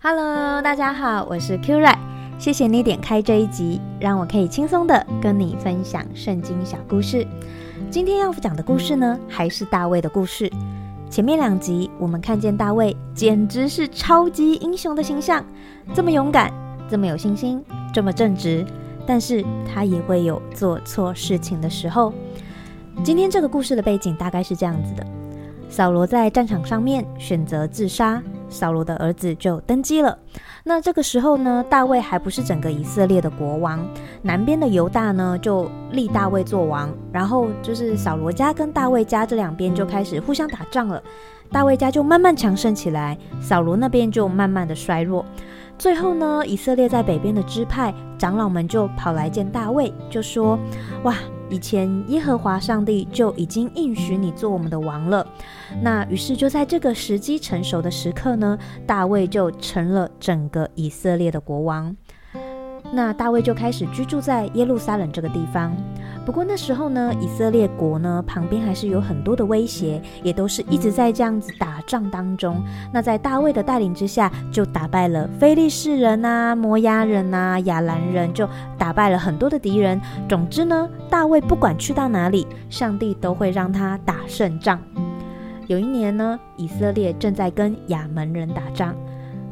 Hello，大家好，我是 Q Ray，謝謝你點開這一集，讓我可以輕鬆的跟你分享聖經小故事。今天要講的故事呢，還是大衛的故事。前面兩集我們看見大衛簡直是超級英雄的形象，這麼勇敢，這麼有信心，這麼正直，但是他也會有做錯事情的時候。今天這個故事的背景大概是這樣子的：掃羅在戰場上面選擇自殺。掃羅的兒子就登基了。那這個時候呢，大衛還不是整個以色列的國王。南邊的猶大呢，就立大衛做王。然後就是掃羅家跟大衛家這兩邊就開始互相打仗了。大衛家就慢慢強盛起來，掃羅那邊就慢慢的衰弱。最後呢，以色列在北邊的支派長老們就跑來見大衛，就說：“哇！”以前，耶和華上帝就已經應許你做我們的王了。那於是就在這個時機成熟的時刻呢，大衛就成了整個以色列的國王。那大衛就開始居住在耶路撒冷這個地方。不過那時候呢，以色列國呢，旁邊還是有很多的威脅，也都是一直在這樣子打仗當中。那在大衛的帶領之下，就打敗了非利士人啊、摩押人啊、亞蘭人，就打敗了很多的敵人。總之呢，大衛不管去到哪裡，上帝都會讓他打勝仗。嗯。有一年呢，以色列正在跟亞捫人打仗，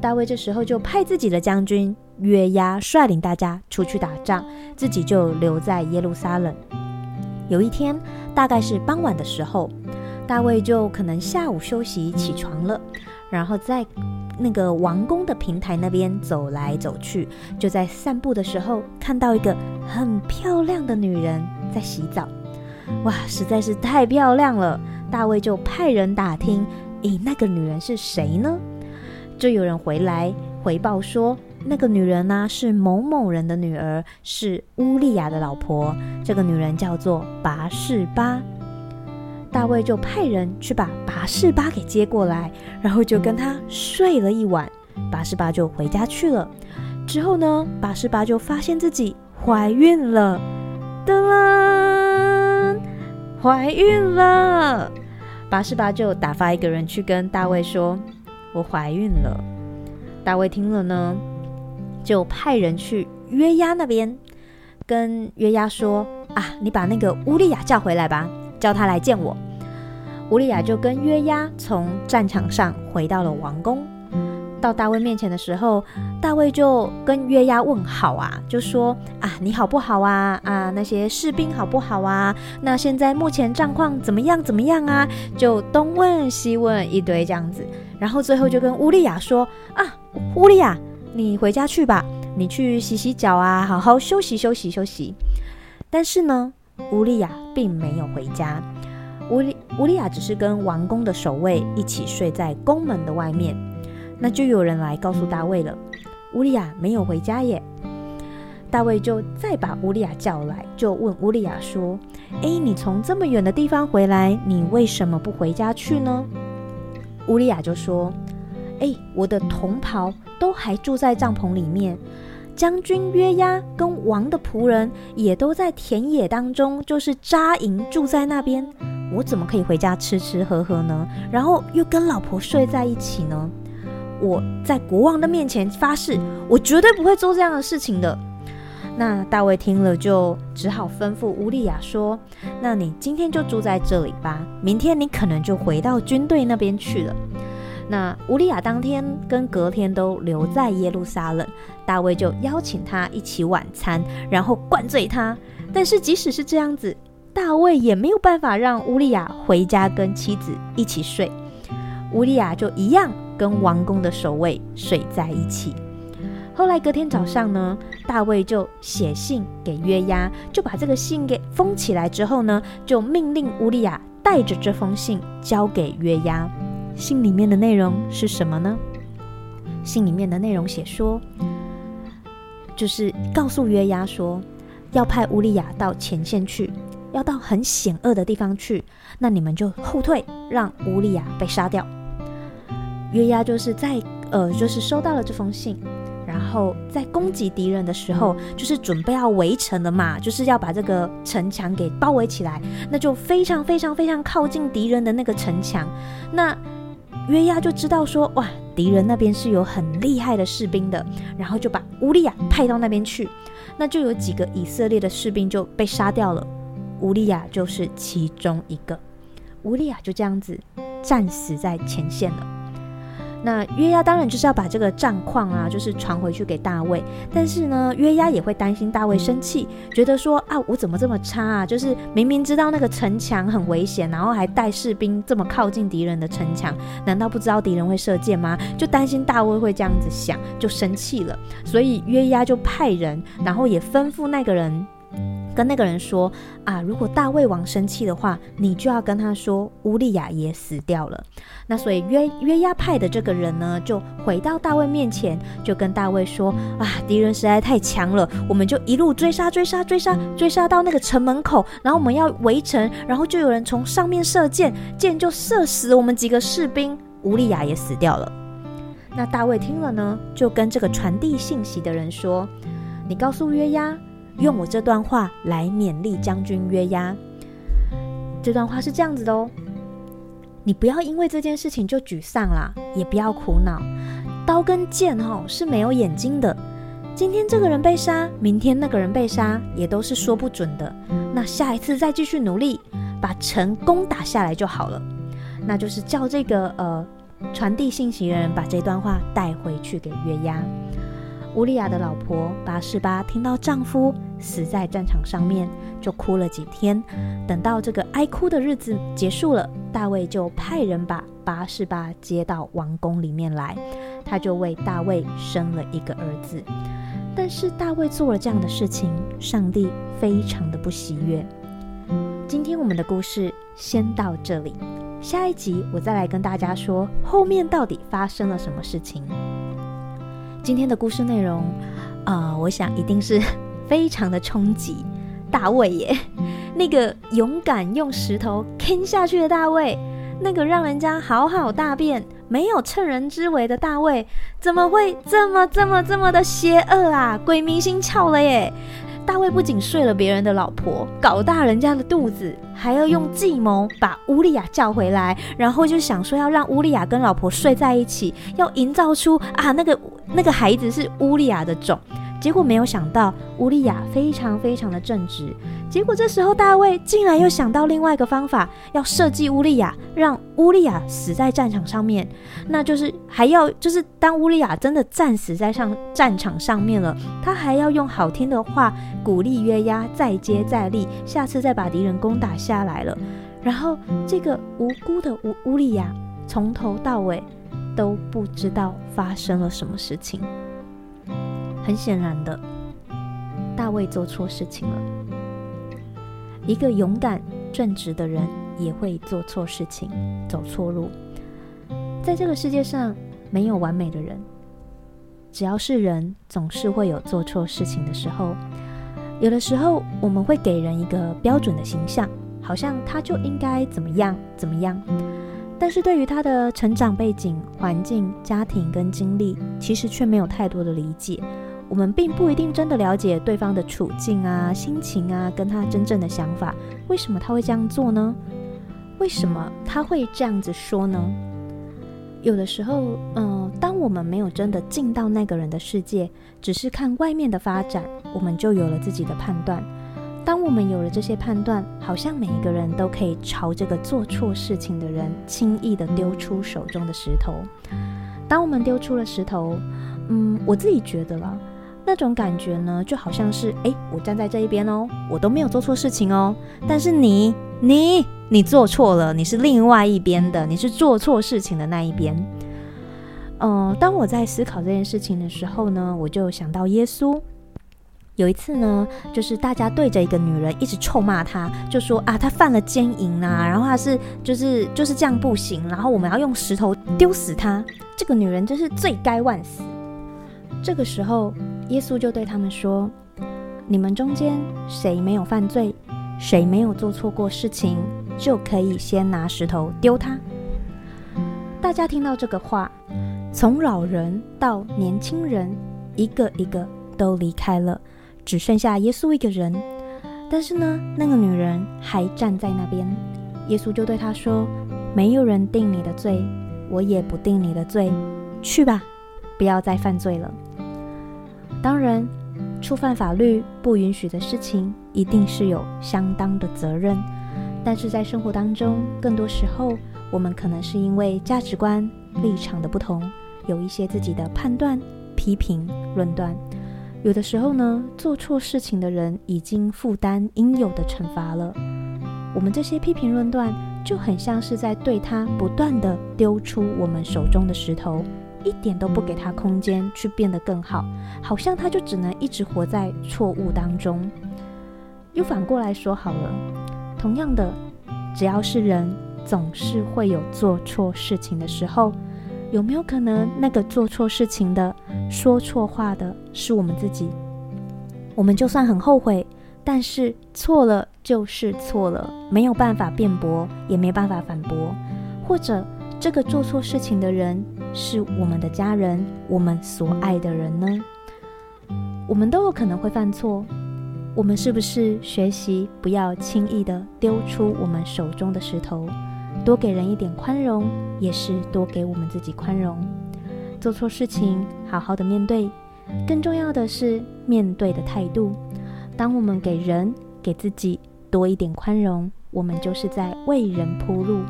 大衛這時候就派自己的將軍。約押率領大家出去打仗，自己就留在耶路撒冷。有一天，大概是傍晚的時候，大衛就可能下午休息起床了，然後在那個王宮的平台那邊走來走去，就在散步的時候看到一個很漂亮的女人在洗澡，哇，實在是太漂亮了！大衛就派人打聽，誒、欸，那個女人是誰呢？就有人回來回報說。那個女人呢、啊，是某某人的女兒，是烏利亞的老婆。這個女人叫做拔示巴，大衛就派人去把拔示巴給接過來，然後就跟他睡了一晚。拔示巴就回家去了。之後呢，拔示巴就發現自己懷孕了。噔，懷孕了！拔示巴就打發一個人去跟大衛說：“我懷孕了。”大衛聽了呢。就派人去約押那邊，跟約押說啊，你把那個烏利亞叫回來吧，叫他來見我。烏利亞就跟約押從戰場上回到了王宮，到大衛面前的時候，大衛就跟約押問好啊，就說啊，你好不好啊？啊那些士兵好不好啊？那現在目前戰況怎麼樣怎麼樣啊，就東問西問一堆這樣子，然後最後就跟烏利亞說啊，烏利亞。你回家去吧，你去洗洗腳啊，好好休息休息休息。但是呢，烏利亞並沒有回家，烏利烏利亞只是跟王宮的守衛一起睡在宮門的外面。那就有人來告訴大衛了，烏利亞沒有回家耶。大衛就再把烏利亞叫來，就問烏利亞說：“誒，你從這麼遠的地方回來，你為什麼不回家去呢？”烏利亞就說：“誒，我的同袍。”都還住在帳篷裡面，將軍約押跟王的僕人也都在田野當中，就是紮營住在那邊。我怎麼可以回家吃吃喝喝呢？然後又跟老婆睡在一起呢？我在國王的面前發誓，我絕對不會做這樣的事情的。那大衛聽了，就只好吩咐烏利亞說：“那你今天就住在這裡吧，明天你可能就回到軍隊那邊去了。”那烏利亞當天跟隔天都留在耶路撒冷，大衛就邀請他一起晚餐，然後灌醉他。但是即使是這樣子，大衛也沒有辦法讓烏利亞回家跟妻子一起睡。烏利亞就一樣跟王宮的守衛睡在一起。後來隔天早上呢，大衛就寫信給約押，就把這個信給封起來之後呢，就命令烏利亞帶着這封信交給約押。信裡面的內容是什麼呢？信裡面的內容寫說，就是告訴約押說，要派烏利亞到前線去，要到很險惡的地方去，那你們就後退，讓烏利亞被殺掉。約押就是在呃，就是收到了這封信，然後在攻擊敵人的時候，就是準備要圍城的嘛，就是要把這個城牆給包圍起來，那就非常非常非常靠近敵人的那個城牆，那。約押就知道說，哇，敵人那邊是有很厲害的士兵的，然後就把烏利亞派到那邊去，那就有幾個以色列的士兵就被殺掉了，烏利亞就是其中一個，烏利亞就這樣子戰死在前線了。那約押當然就是要把這個戰況啊，就是傳回去給大衛。但是呢，約押也會擔心大衛生氣，覺得說啊，我怎麼這麼差啊？就是明明知道那個城牆很危險，然後還帶士兵這麼靠近敵人的城牆，難道不知道敵人會射箭嗎？就擔心大衛會這樣子想，就生氣了。所以約押就派人，然後也吩咐那個人。跟那個人說啊，如果大衛王生氣的話，你就要跟他說烏利亞也死掉了。那所以約約押派的這個人呢，就回到大衛面前，就跟大衛說啊，敵人實在太強了，我們就一路追殺追殺追殺追殺到那個城門口，然後我們要圍城，然後就有人從上面射箭，箭就射死我們幾個士兵，烏利亞也死掉了。那大衛聽了呢，就跟這個傳遞信息的人說，你告訴約押，用我這段話來勉勵將軍約押。這段話是這樣子的哦，你不要因為這件事情就沮喪啦，也不要苦惱。刀跟劍哈、哦、是沒有眼睛的，今天這個人被殺，明天那個人被殺，也都是說不準的。那下一次再繼續努力，把城攻打下來就好了。那就是叫這個呃傳遞信息的人把這段話帶回去給約押。烏利亞的老婆巴士巴聽到丈夫死在戰場上面，就哭了幾天。等到這個哀哭的日子結束了，大衛就派人把巴士巴接到王宮裡面來，他就為大衛生了一個兒子。但是大衛做了這樣的事情，上帝非常的不喜悅。嗯，今天我們的故事先到這裡，下一集我再來跟大家說後面到底發生了什麼事情。今天的故事內容，啊、呃，我想一定是非常的衝擊大衛耶。那個勇敢用石頭坑下去的大衛，那個讓人家好好大便沒有趁人之危的大衛，怎麼會這麼這麼這麼的邪惡啊？鬼迷心竅了耶！大衛不僅睡了別人的老婆，搞大人家的肚子，還要用計謀把烏利亞叫回來，然後就想說要讓烏利亞跟老婆睡在一起，要營造出啊那個。那個孩子是烏利亞的種，結果沒有想到烏利亞非常非常的正直。結果這時候大衛竟然又想到另外一個方法，要設計烏利亞，讓烏利亞死在戰場上面。那就是還要就是當烏利亞真的戰死在上戰場上面了，他還要用好聽的話鼓勵約押再接再厲，下次再把敵人攻打下來了。然後這個無辜的烏烏利亞從頭到尾。都不知道發生了什麼事情。很顯然的，大衛做錯事情了。一個勇敢正直的人也會做錯事情，走錯路。在這個世界上，沒有完美的人。只要是人，總是會有做錯事情的時候。有的時候，我們會給人一個標準的形象，好像他就應該怎麼樣怎麼樣。但是對於他的成長背景、環境、家庭跟經歷，其實卻沒有太多的理解。我們並不一定真的了解對方的處境啊、心情啊，跟他真正的想法。為什麼他會這樣做呢？為什麼他會這樣子說呢？有的時候，嗯、呃，當我們沒有真的進到那個人的世界，只是看外面的發展，我們就有了自己的判斷。當我們有了這些判斷，好像每一個人都可以朝這個做錯事情的人輕易的丟出手中的石頭。當我們丟出了石頭，嗯，我自己覺得啦，那種感覺呢，就好像是，哎，我站在這一邊哦，我都沒有做錯事情哦，但是你，你，你做錯了，你是另外一邊的，你是做錯事情的那一邊。嗯、呃，當我在思考這件事情的時候呢，我就想到耶穌。有一次呢，就是大家對着一個女人一直臭罵她，就說啊，她犯了奸淫啊，然後她是就是就是這樣不行，然後我們要用石頭丟死她。這個女人真是罪該萬死。這個時候，耶穌就對他們說：“你們中間誰沒有犯罪，誰沒有做錯過事情，就可以先拿石頭丟她。”大家聽到這個話，從老人到年輕人，一個一個都離開了。只剩下耶穌一個人，但是呢，那個女人還站在那邊。耶穌就對她說：“沒有人定你的罪，我也不定你的罪，去吧，不要再犯罪了。”當然，觸犯法律不允許的事情，一定是有相當的責任。但是在生活當中，更多時候，我們可能是因為價值觀立場的不同，有一些自己的判斷、批評、論斷。有的時候呢，做錯事情的人已經負擔應有的懲罰了。我們這些批評論斷，就很像是在對他不斷地丟出我們手中的石頭，一點都不給他空間去變得更好，好像他就只能一直活在錯誤當中。又反過來說好了，同樣的，只要是人，總是會有做錯事情的時候。有沒有可能，那個做錯事情的、說錯話的是我們自己？我們就算很後悔，但是錯了就是錯了，沒有辦法辯駁，也沒辦法反駁。或者，這個做錯事情的人是我們的家人、我們所愛的人呢？我們都有可能會犯錯，我們是不是學習不要輕易地丟出我們手中的石頭？多給人一點寬容，也是多給我們自己寬容。做錯事情，好好的面對，更重要的是面對的態度。當我們給人、給自己多一點寬容，我們就是在為人鋪路，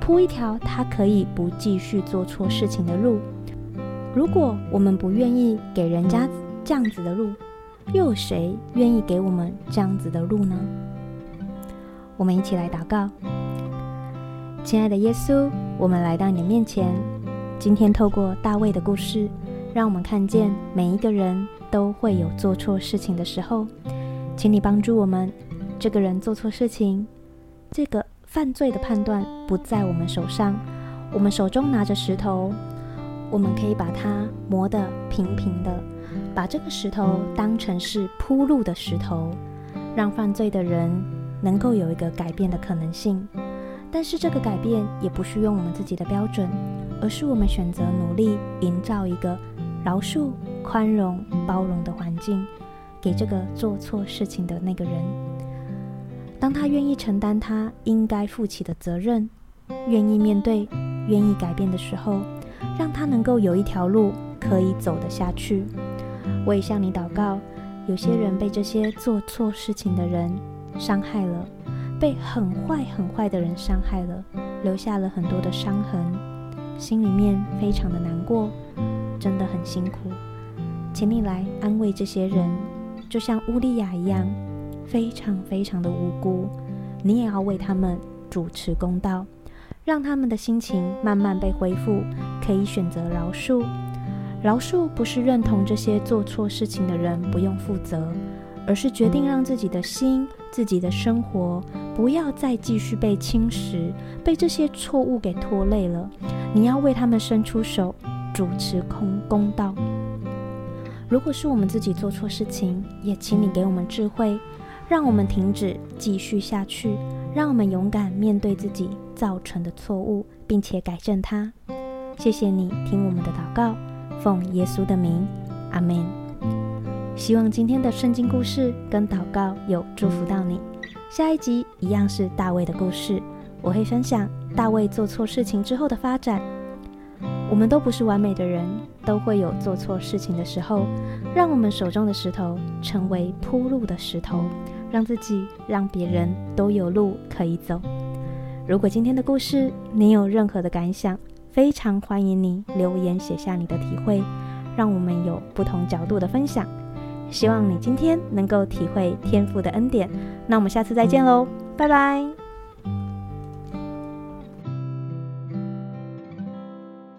鋪一條他可以不繼續做錯事情的路。如果我們不願意給人家這樣子的路，又有誰願意給我們這樣子的路呢？我們一起來禱告。親愛的耶穌，我們來到你的面前。今天透過大衛的故事，讓我們看見每一個人都會有做錯事情的時候，請你幫助我們。這個人做錯事情，這個犯罪的判斷不在我們手上，我們手中拿着石頭，我們可以把它磨得平平的，把這個石頭當成是鋪路的石頭，讓犯罪的人能夠有一個改變的可能性。但是這個改變也不是用我們自己的標準，而是我們選擇努力營造一個饒恕、寬容、包容的環境，給這個做錯事情的那個人。當他願意承擔他應該負起的責任，願意面對，願意改變的時候，讓他能夠有一條路可以走得下去。我也向你禱告，有些人被這些做錯事情的人傷害了。被很壞很壞的人傷害了，留下了很多的傷痕，心裡面非常的難過，真的很辛苦。請你來安慰這些人，就像烏利亞一樣，非常非常的無辜。你也要為他們主持公道，讓他們的心情慢慢被恢復，可以選擇饒恕。饒恕不是認同這些做錯事情的人不用負責，而是決定讓自己的心、自己的生活。不要再繼續被侵蝕，被這些錯誤給拖累了。你要為他們伸出手，主持公道。如果是我們自己做錯事情，也請你給我們智慧，讓我們停止繼續下去，讓我們勇敢面對自己造成的錯誤，並且改正它。謝謝你聽我們的禱告，奉耶穌的名，阿門。希望今天的聖經故事跟禱告有祝福到你。下一集一樣是大衛的故事，我會分享大衛做錯事情之後的發展。我們都不是完美的人，都會有做錯事情的時候。讓我們手中的石頭成為鋪路的石頭，讓自己、讓別人都有路可以走。如果今天的故事你有任何的感想，非常歡迎你留言寫下你的體會，讓我們有不同角度的分享。希望你今天能夠體會天父的恩典，那我們下次再見嘍，拜拜。